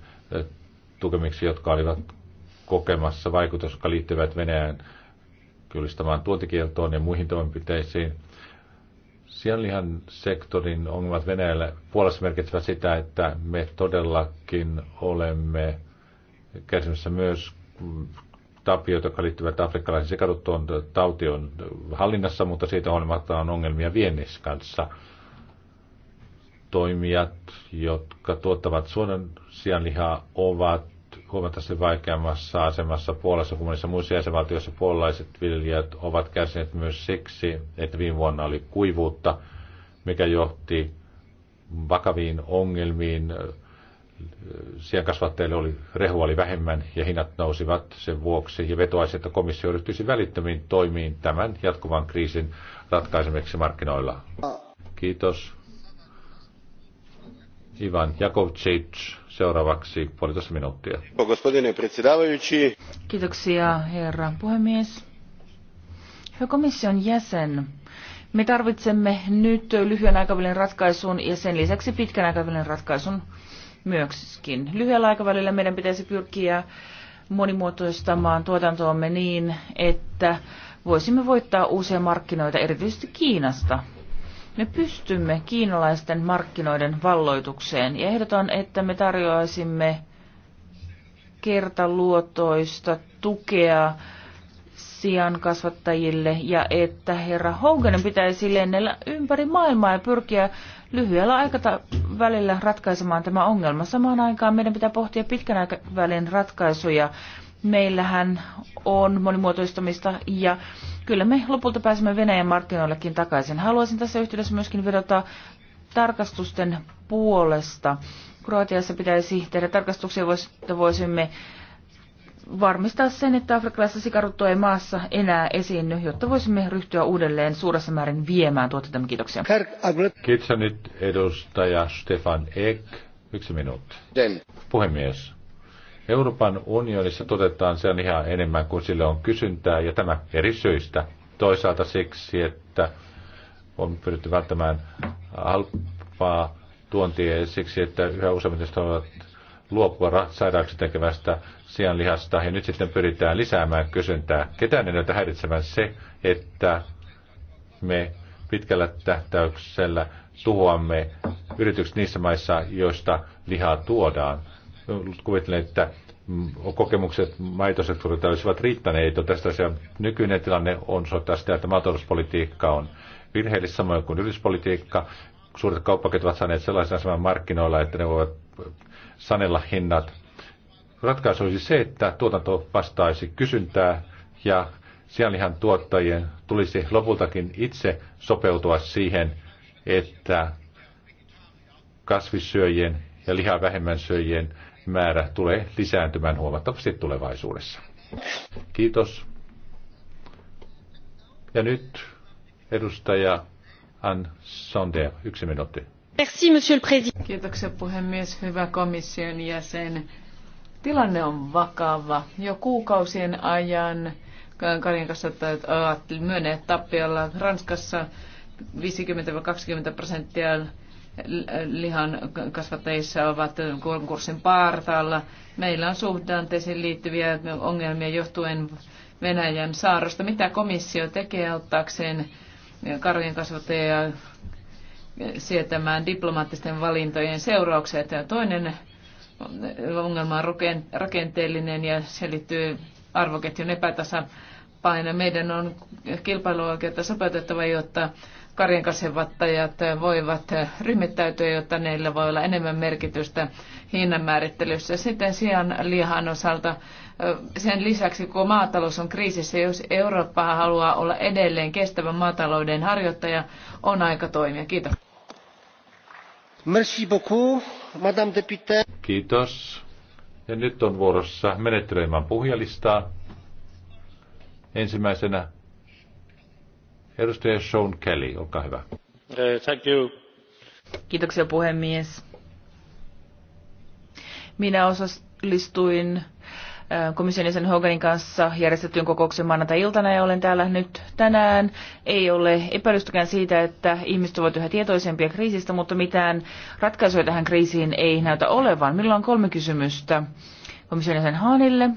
tukemiksi, jotka olivat kokemassa vaikutus, jotka liittyvät Venäjän kyllistämään tuotikieltoon ja muihin toimenpiteisiin – Sianlihan sektorin ongelmat Venäjällä Puolassa merkitsevät sitä, että me todellakin olemme kärsimässä myös tapioita, jotka liittyvät afrikkalaisen sekaduttuun Tauti on hallinnassa, mutta siitä huolimatta on ongelmia viennissä kanssa. Toimijat, jotka tuottavat suodan sianlihaa, ovat huomattavasti vaikeammassa asemassa Puolassa kuin monissa muissa jäsenvaltioissa. Puolalaiset viljelijät ovat kärsineet myös siksi, että viime vuonna oli kuivuutta, mikä johti vakaviin ongelmiin. Sienkasvattajille oli, rehu oli vähemmän ja hinnat nousivat sen vuoksi ja vetoaisi, että komissio ryhtyisi välittömiin toimiin tämän jatkuvan kriisin ratkaisemiseksi markkinoilla. Ah. Kiitos. Ivan Jakovčić seuraavaksi puolitoista minuuttia. Kiitoksia herra puhemies. Hyvä komission jäsen, me tarvitsemme nyt lyhyen aikavälin ratkaisun ja sen lisäksi pitkän aikavälin ratkaisun myöskin. Lyhyellä aikavälillä meidän pitäisi pyrkiä monimuotoistamaan tuotantoamme niin, että voisimme voittaa uusia markkinoita erityisesti Kiinasta me pystymme kiinalaisten markkinoiden valloitukseen ja ehdotan, että me tarjoaisimme kertaluotoista tukea sian kasvattajille ja että herra Hoganen pitäisi lennellä ympäri maailmaa ja pyrkiä lyhyellä aikavälillä ratkaisemaan tämä ongelma. Samaan aikaan meidän pitää pohtia pitkän aikavälin ratkaisuja meillähän on monimuotoistamista ja kyllä me lopulta pääsemme Venäjän markkinoillekin takaisin. Haluaisin tässä yhteydessä myöskin vedota tarkastusten puolesta. Kroatiassa pitäisi tehdä tarkastuksia, että voisimme varmistaa sen, että afrikkalaisessa sikaruttua ei maassa enää esiinny, jotta voisimme ryhtyä uudelleen suuressa määrin viemään tuotetta. Kiitoksia. Kiitos nyt edustaja Stefan Ek. Yksi minuutti. Puhemies Euroopan unionissa toteutetaan sen ihan enemmän kuin sille on kysyntää, ja tämä eri syistä. Toisaalta siksi, että on pyritty välttämään halpaa tuontia ja siksi, että yhä useammin ovat luopua sairaaksi tekevästä sianlihasta, ja nyt sitten pyritään lisäämään kysyntää. Ketään ei näytä häiritsevän se, että me pitkällä tähtäyksellä tuhoamme yritykset niissä maissa, joista lihaa tuodaan kuvittelen, että kokemukset maitosektorilta olisivat riittäneet. Tästä se nykyinen tilanne on soittaa sitä, että maatalouspolitiikka on virheellistä samoin kuin yrityspolitiikka. Suuret kauppaketjut ovat saaneet sellaisen aseman markkinoilla, että ne voivat sanella hinnat. Ratkaisu olisi se, että tuotanto vastaisi kysyntää ja sianlihan tuottajien tulisi lopultakin itse sopeutua siihen, että kasvissyöjien ja lihaa vähemmän syöjien määrä tulee lisääntymään huomattavasti tulevaisuudessa. Kiitos. Ja nyt edustaja Anne Sonder, yksi minuutti. Merci, monsieur le président. Kiitoksia puhemies, hyvä komission jäsen. Tilanne on vakava. Jo kuukausien ajan Karin kanssa ovat myönneet tappiolla Ranskassa 50-20 prosenttia lihan kasvattajissa ovat konkurssin partaalla. Meillä on suhdanteisiin liittyviä ongelmia johtuen Venäjän saarosta. Mitä komissio tekee auttaakseen karjan kasvattajia sietämään diplomaattisten valintojen seuraukset? Ja toinen ongelma on rakenteellinen ja se liittyy arvoketjun epätasapaino. Meidän on kilpailuoikeutta sopeutettava, jotta karjan voivat ryhmittäytyä, jotta neillä voi olla enemmän merkitystä hinnan määrittelyssä. Sitten sian lihan osalta sen lisäksi, kun maatalous on kriisissä, jos Eurooppa haluaa olla edelleen kestävän maatalouden harjoittaja, on aika toimia. Kiitos. Merci beaucoup, Madame Kiitos. Ja nyt on vuorossa menettelemään puhujalistaa. Ensimmäisenä edustaja Sean Kelly, olkaa hyvä. Eh, thank you. Kiitoksia puhemies. Minä osallistuin komission jäsen Hoganin kanssa järjestettyyn kokouksen maanantai-iltana ja olen täällä nyt tänään. Ei ole epäilystäkään siitä, että ihmiset ovat yhä tietoisempia kriisistä, mutta mitään ratkaisuja tähän kriisiin ei näytä olevan. Minulla on kolme kysymystä komission jäsen Haanille,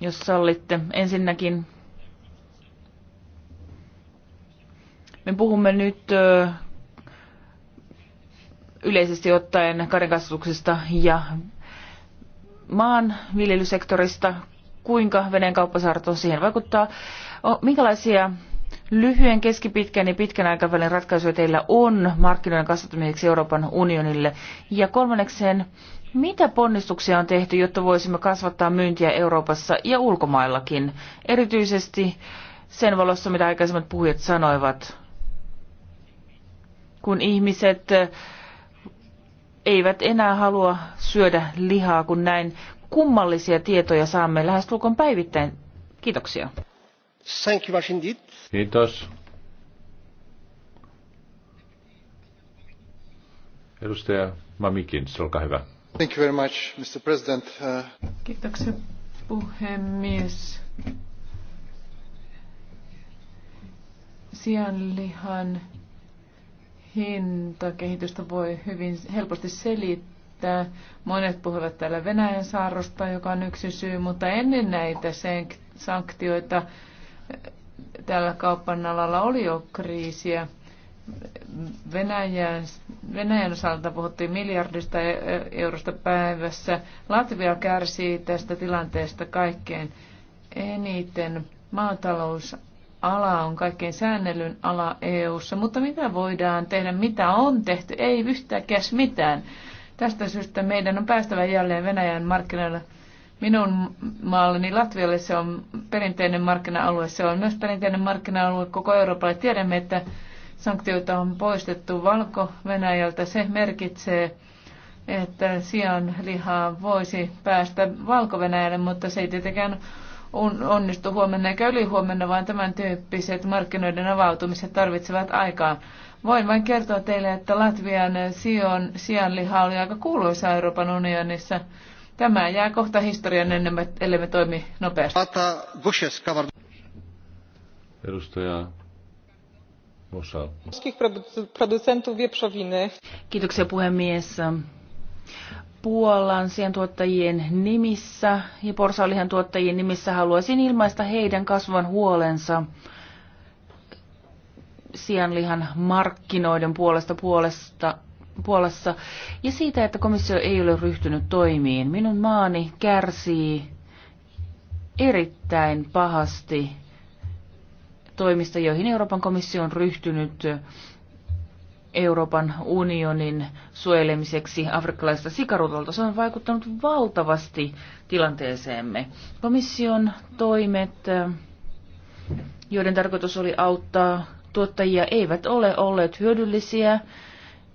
jos sallitte. Ensinnäkin me puhumme nyt yleisesti ottaen karjakasvatuksesta ja maanviljelysektorista, kuinka Venäjän kauppasaarto siihen vaikuttaa, minkälaisia lyhyen, keskipitkän ja pitkän aikavälin ratkaisuja teillä on markkinoiden kasvattamiseksi Euroopan unionille? Ja kolmannekseen, mitä ponnistuksia on tehty, jotta voisimme kasvattaa myyntiä Euroopassa ja ulkomaillakin, erityisesti sen valossa, mitä aikaisemmat puhujat sanoivat, kun ihmiset eivät enää halua syödä lihaa, kun näin kummallisia tietoja saamme lähestulkoon päivittäin. Kiitoksia. Thank you much indeed. Kiitos. Edustaja Mamikins, olkaa hyvä. Thank you very much, Mr. President. Uh... Kiitoksia, puhemies. Sianlihan hintakehitystä voi hyvin helposti selittää. Monet puhuvat täällä Venäjän saarrosta, joka on yksi syy, mutta ennen näitä sanktioita eh, tällä kaupan alalla oli jo kriisiä. Venäjän, Venäjän osalta puhuttiin miljardista eh, eh, eurosta päivässä. Latvia kärsii tästä tilanteesta kaikkein eniten. Maatalous ala on kaikkein säännellyn ala EU:ssa, mutta mitä voidaan tehdä, mitä on tehty, ei yhtäkäs mitään. Tästä syystä meidän on päästävä jälleen Venäjän markkinoilla. Minun maallani Latvialle se on perinteinen markkina-alue. Se on myös perinteinen markkina-alue koko Euroopalle. Tiedämme, että sanktioita on poistettu Valko-Venäjältä. Se merkitsee, että sian lihaa voisi päästä Valko-Venäjälle, mutta se ei tietenkään on, onnistu huomenna eikä ylihuomenna, vaan tämän tyyppiset markkinoiden avautumiset tarvitsevat aikaa. Voin vain kertoa teille, että Latvian Sion, sianliha oli aika kuuluisa Euroopan unionissa. Tämä jää kohta historian ennen, ellei me toimi nopeasti. Edustaja Musa. Kiitoksia puhemies. Puolan sientuottajien nimissä ja porsaalihan tuottajien nimissä haluaisin ilmaista heidän kasvavan huolensa sianlihan markkinoiden puolesta puolesta Puolassa ja siitä, että komissio ei ole ryhtynyt toimiin. Minun maani kärsii erittäin pahasti toimista, joihin Euroopan komissio on ryhtynyt Euroopan unionin suojelemiseksi afrikkalaista sikarutolta. Se on vaikuttanut valtavasti tilanteeseemme. Komission toimet, eh, joiden tarkoitus oli auttaa tuottajia, eivät ole olleet hyödyllisiä.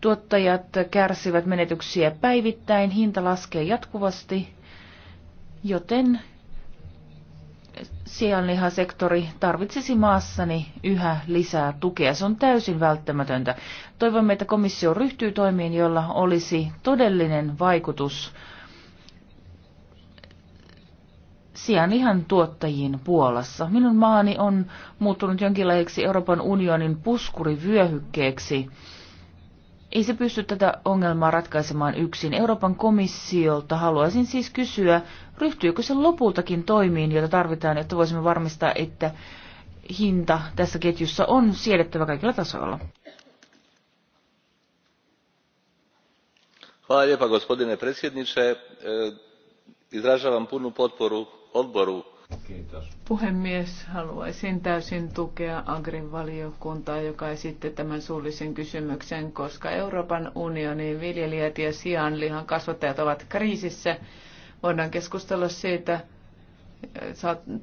Tuottajat kärsivät menetyksiä päivittäin, hinta laskee jatkuvasti, joten sianlihasektori tarvitsisi maassani yhä lisää tukea. Se on täysin välttämätöntä. Toivomme, että komissio ryhtyy toimiin, jolla olisi todellinen vaikutus sianlihan tuottajiin Puolassa. Minun maani on muuttunut jonkinlaiseksi Euroopan unionin puskurivyöhykkeeksi ei se pysty tätä ongelmaa ratkaisemaan yksin. Euroopan komissiolta haluaisin siis kysyä, ryhtyykö se lopultakin toimiin, joita tarvitaan, jotta voisimme varmistaa, että hinta tässä ketjussa on siedettävä kaikilla tasoilla. Hvala lijepa gospodine predsjedniče. E, izražavam punu potporu odboru Kiitos. Puhemies, haluaisin täysin tukea Agrin valiokuntaa, joka esitti tämän suullisen kysymyksen, koska Euroopan unionin viljelijät ja sianlihan kasvattajat ovat kriisissä. Voidaan keskustella siitä,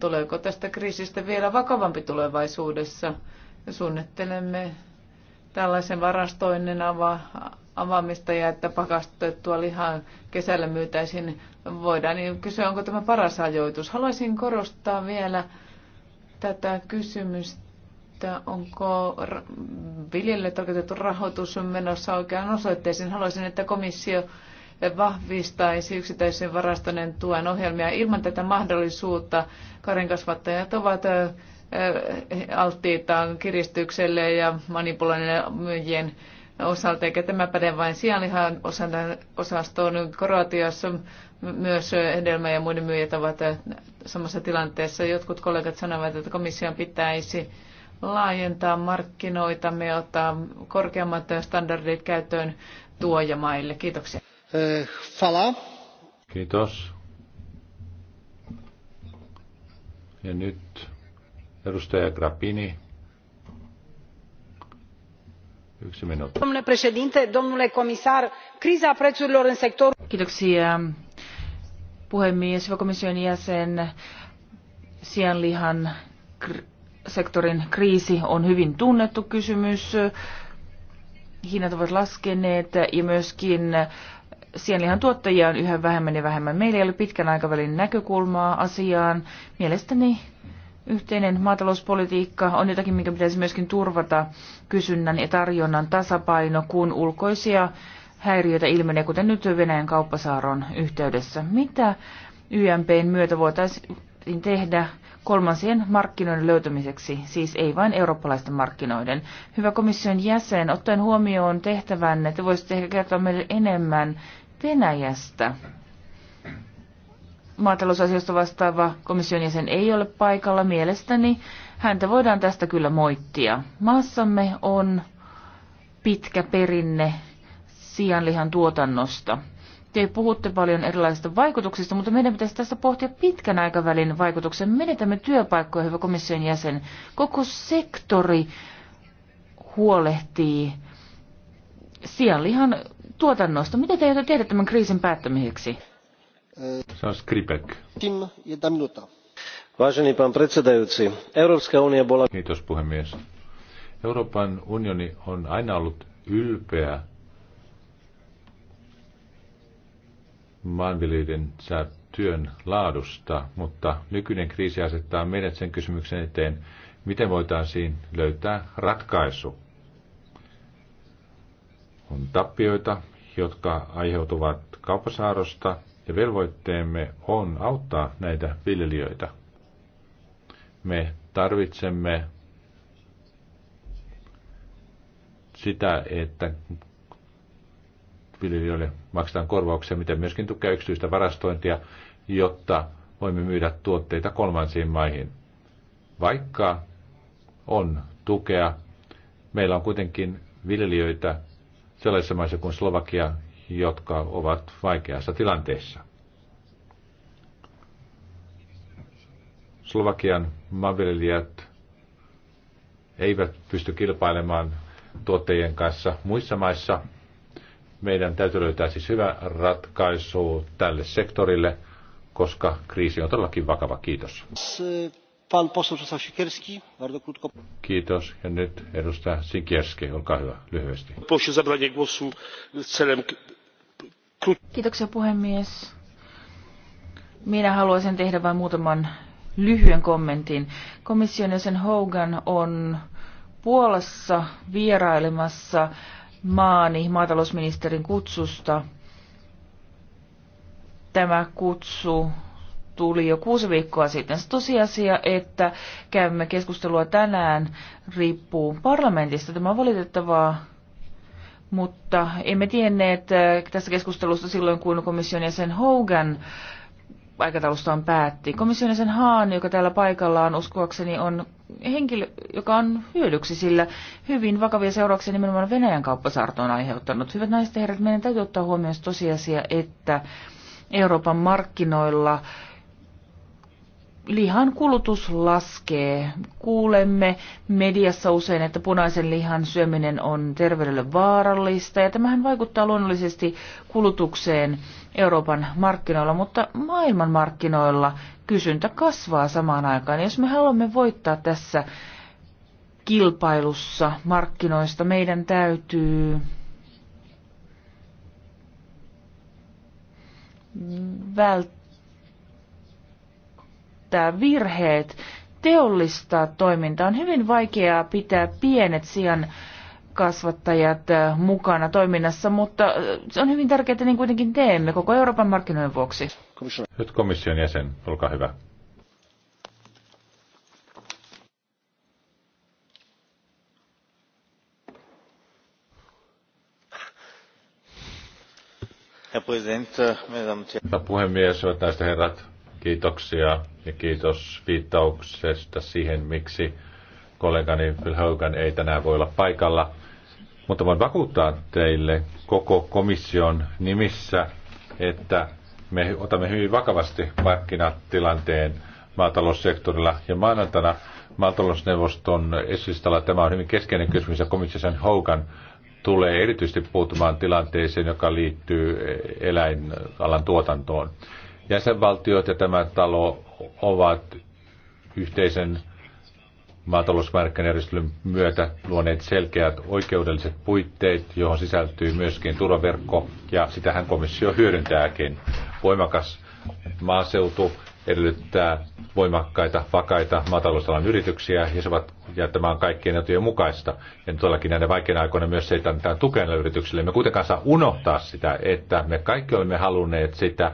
tuleeko tästä kriisistä vielä vakavampi tulevaisuudessa. Suunnittelemme tällaisen varastoinnin avaamista ja että pakastettua lihaa kesällä myytäisiin voidaan, niin kysyä, onko tämä paras ajoitus. Haluaisin korostaa vielä tätä kysymystä, onko viljelle tarkoitettu rahoitus on menossa oikeaan osoitteeseen. Haluaisin, että komissio vahvistaisi yksittäisen varastoneen tuen ohjelmia. Ilman tätä mahdollisuutta karenkasvattajat ovat alttiita kiristykselle ja manipuloinnille myyjien osalta, eikä tämä päde vain sianlihan osastoon. Kroatiassa myös hedelmä ja muiden myyjät ovat äh, samassa tilanteessa. Jotkut kollegat sanovat, että komission pitäisi laajentaa markkinoita, me ottaa korkeammat standardit käyttöön tuojamaille. Kiitoksia. Fala. Kiitos. Ja nyt edustaja Grappini domnule președinte domnule comisar criza prețurilor în sectorul. kiitoksia puhemies hyvä komission jäsen sianlihan sektorin kriisi on hyvin tunnettu kysymys. Hinnat ovat laskeneet ja myöskin sianlihan tuottajia on yhä vähemmän ja vähemmän. Meillä ei ole pitkän aikavälin näkökulmaa asiaan. Mielestäni yhteinen maatalouspolitiikka on jotakin, mikä pitäisi myöskin turvata kysynnän ja tarjonnan tasapaino, kun ulkoisia häiriöitä ilmenee, kuten nyt Venäjän kauppasaaron yhteydessä. Mitä YMPn myötä voitaisiin tehdä kolmansien markkinoiden löytämiseksi, siis ei vain eurooppalaisten markkinoiden? Hyvä komission jäsen, ottaen huomioon tehtävänne, te voisitte ehkä kertoa meille enemmän Venäjästä maatalousasioista vastaava komission jäsen ei ole paikalla, mielestäni häntä voidaan tästä kyllä moittia. Maassamme on pitkä perinne sianlihan tuotannosta. Te puhutte paljon erilaisista vaikutuksista, mutta meidän pitäisi tässä pohtia pitkän aikavälin vaikutuksen. Menetämme työpaikkoja, hyvä komission jäsen. Koko sektori huolehtii sianlihan tuotannosta. Mitä te aiotte tehdä tämän kriisin päättämiseksi? Kiitos puhemies. Euroopan unioni on aina ollut ylpeä maanviljelijöidensä työn laadusta, mutta nykyinen kriisi asettaa meidät sen kysymyksen eteen, miten voitaisiin löytää ratkaisu. On tappioita, jotka aiheutuvat kauppasaarosta, ja velvoitteemme on auttaa näitä viljelijöitä. Me tarvitsemme sitä, että viljelijöille maksetaan korvauksia, miten myöskin tukea yksityistä varastointia, jotta voimme myydä tuotteita kolmansiin maihin. Vaikka on tukea, meillä on kuitenkin viljelijöitä sellaisissa maissa kuin Slovakia, jotka ovat vaikeassa tilanteessa. Slovakian maanviljelijät eivät pysty kilpailemaan tuottajien kanssa muissa maissa. Meidän täytyy löytää siis hyvä ratkaisu tälle sektorille, koska kriisi on todellakin vakava. Kiitos. Pan poseł Czesław Sikierski, bardzo krótko. Kiitos. Ja nyt edustaja Sikierski, olkaa hyvä, lyhyesti. Proszę zabranie głosu celem Kiitoksia puhemies. Minä haluaisin tehdä vain muutaman lyhyen kommentin. Komission jäsen Hogan on Puolassa vierailemassa maani maatalousministerin kutsusta. Tämä kutsu tuli jo kuusi viikkoa sitten. Se tosiasia, että käymme keskustelua tänään, riippuu parlamentista. Tämä on valitettavaa mutta emme tienneet äh, tässä keskustelussa silloin, kun komission jäsen Hogan on päätti. Komission jäsen Haan, joka täällä paikallaan uskoakseni on henkilö, joka on hyödyksi, sillä hyvin vakavia seurauksia nimenomaan Venäjän kauppasaarto on aiheuttanut. Hyvät naiset ja herrat, meidän täytyy ottaa huomioon tosiasia, että Euroopan markkinoilla lihan kulutus laskee. Kuulemme mediassa usein, että punaisen lihan syöminen on terveydelle vaarallista ja tämähän vaikuttaa luonnollisesti kulutukseen Euroopan markkinoilla, mutta maailman markkinoilla kysyntä kasvaa samaan aikaan. Jos me haluamme voittaa tässä kilpailussa markkinoista, meidän täytyy välttää välttää virheet, teollistaa toimintaa. On hyvin vaikeaa pitää pienet sian kasvattajat äh, mukana toiminnassa, mutta äh, se on hyvin tärkeää, että niin kuitenkin teemme koko Euroopan markkinoiden vuoksi. Nyt komission jäsen, olkaa hyvä. Äh, Herra puhemies, hyvät naiset herrat, Kiitoksia ja kiitos viittauksesta siihen, miksi kollegani Phil Hogan ei tänään voi olla paikalla. Mutta voin vakuuttaa teille koko komission nimissä, että me otamme hyvin vakavasti markkinatilanteen maataloussektorilla. Ja maanantaina maatalousneuvoston esistalla tämä on hyvin keskeinen kysymys ja komissio Hogan tulee erityisesti puuttumaan tilanteeseen, joka liittyy eläinalan tuotantoon. Jäsenvaltiot ja tämä talo ovat yhteisen maatalousmarkkinajärjestelyn myötä luoneet selkeät oikeudelliset puitteet, johon sisältyy myöskin turvaverkko, ja sitähän komissio hyödyntääkin. Voimakas maaseutu edellyttää voimakkaita, vakaita maatalousalan yrityksiä, ja, se ovat, ja tämä on kaikkien etujen mukaista. Ja todellakin näinä vaikeina aikoina myös se, että annetaan tukea yrityksille. Me kuitenkaan saa unohtaa sitä, että me kaikki olemme halunneet sitä,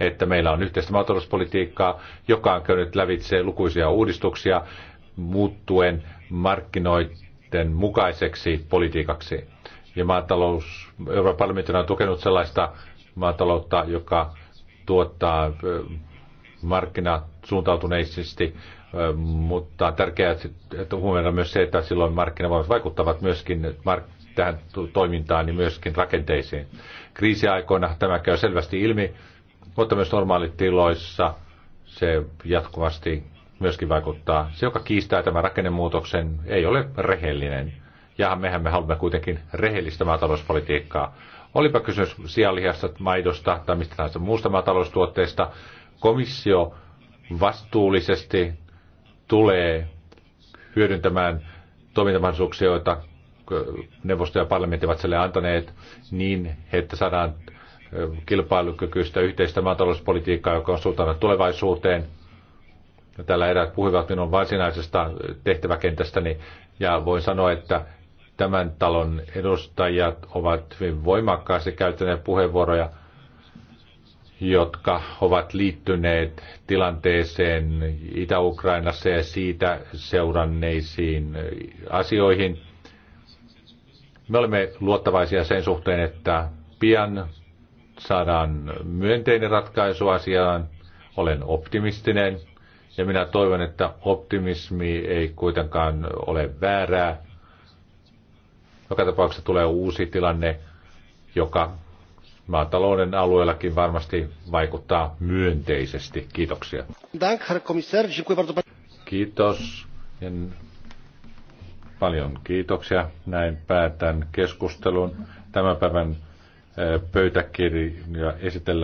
että meillä on yhteistä maatalouspolitiikkaa, joka on käynyt lävitse lukuisia uudistuksia muuttuen markkinoiden mukaiseksi politiikaksi. Ja maatalous, Euroopan parlamentti on tukenut sellaista maataloutta, joka tuottaa markkinasuuntautuneisesti, mutta on tärkeää että huomioida myös se, että silloin markkinavoimat vaikuttavat myöskin tähän toimintaan ja niin myöskin rakenteisiin. Kriisiaikoina tämä käy selvästi ilmi, mutta myös normaalitiloissa se jatkuvasti myöskin vaikuttaa. Se, joka kiistää tämän rakennemuutoksen, ei ole rehellinen. Ja mehän me haluamme kuitenkin rehellistä maatalouspolitiikkaa. Olipa kysymys sianlihasta, maidosta tai mistä tahansa muusta maataloustuotteesta, komissio vastuullisesti tulee hyödyntämään toimintamahdollisuuksia, joita neuvosto ja parlamentti ovat sille antaneet, niin että saadaan kilpailukykyistä yhteistä maatalouspolitiikkaa, joka on suuntaan tulevaisuuteen. Tällä erät puhuivat minun varsinaisesta tehtäväkentästäni ja voin sanoa, että tämän talon edustajat ovat hyvin voimakkaasti käyttäneet puheenvuoroja, jotka ovat liittyneet tilanteeseen Itä-Ukrainassa ja siitä seuranneisiin asioihin. Me olemme luottavaisia sen suhteen, että pian saadaan myönteinen ratkaisu asiaan. Olen optimistinen ja minä toivon, että optimismi ei kuitenkaan ole väärää. Joka tapauksessa tulee uusi tilanne, joka maatalouden alueellakin varmasti vaikuttaa myönteisesti. Kiitoksia. Kiitos. Ja paljon kiitoksia. Näin päätän keskustelun tämän päivän pöytäkirja esitellään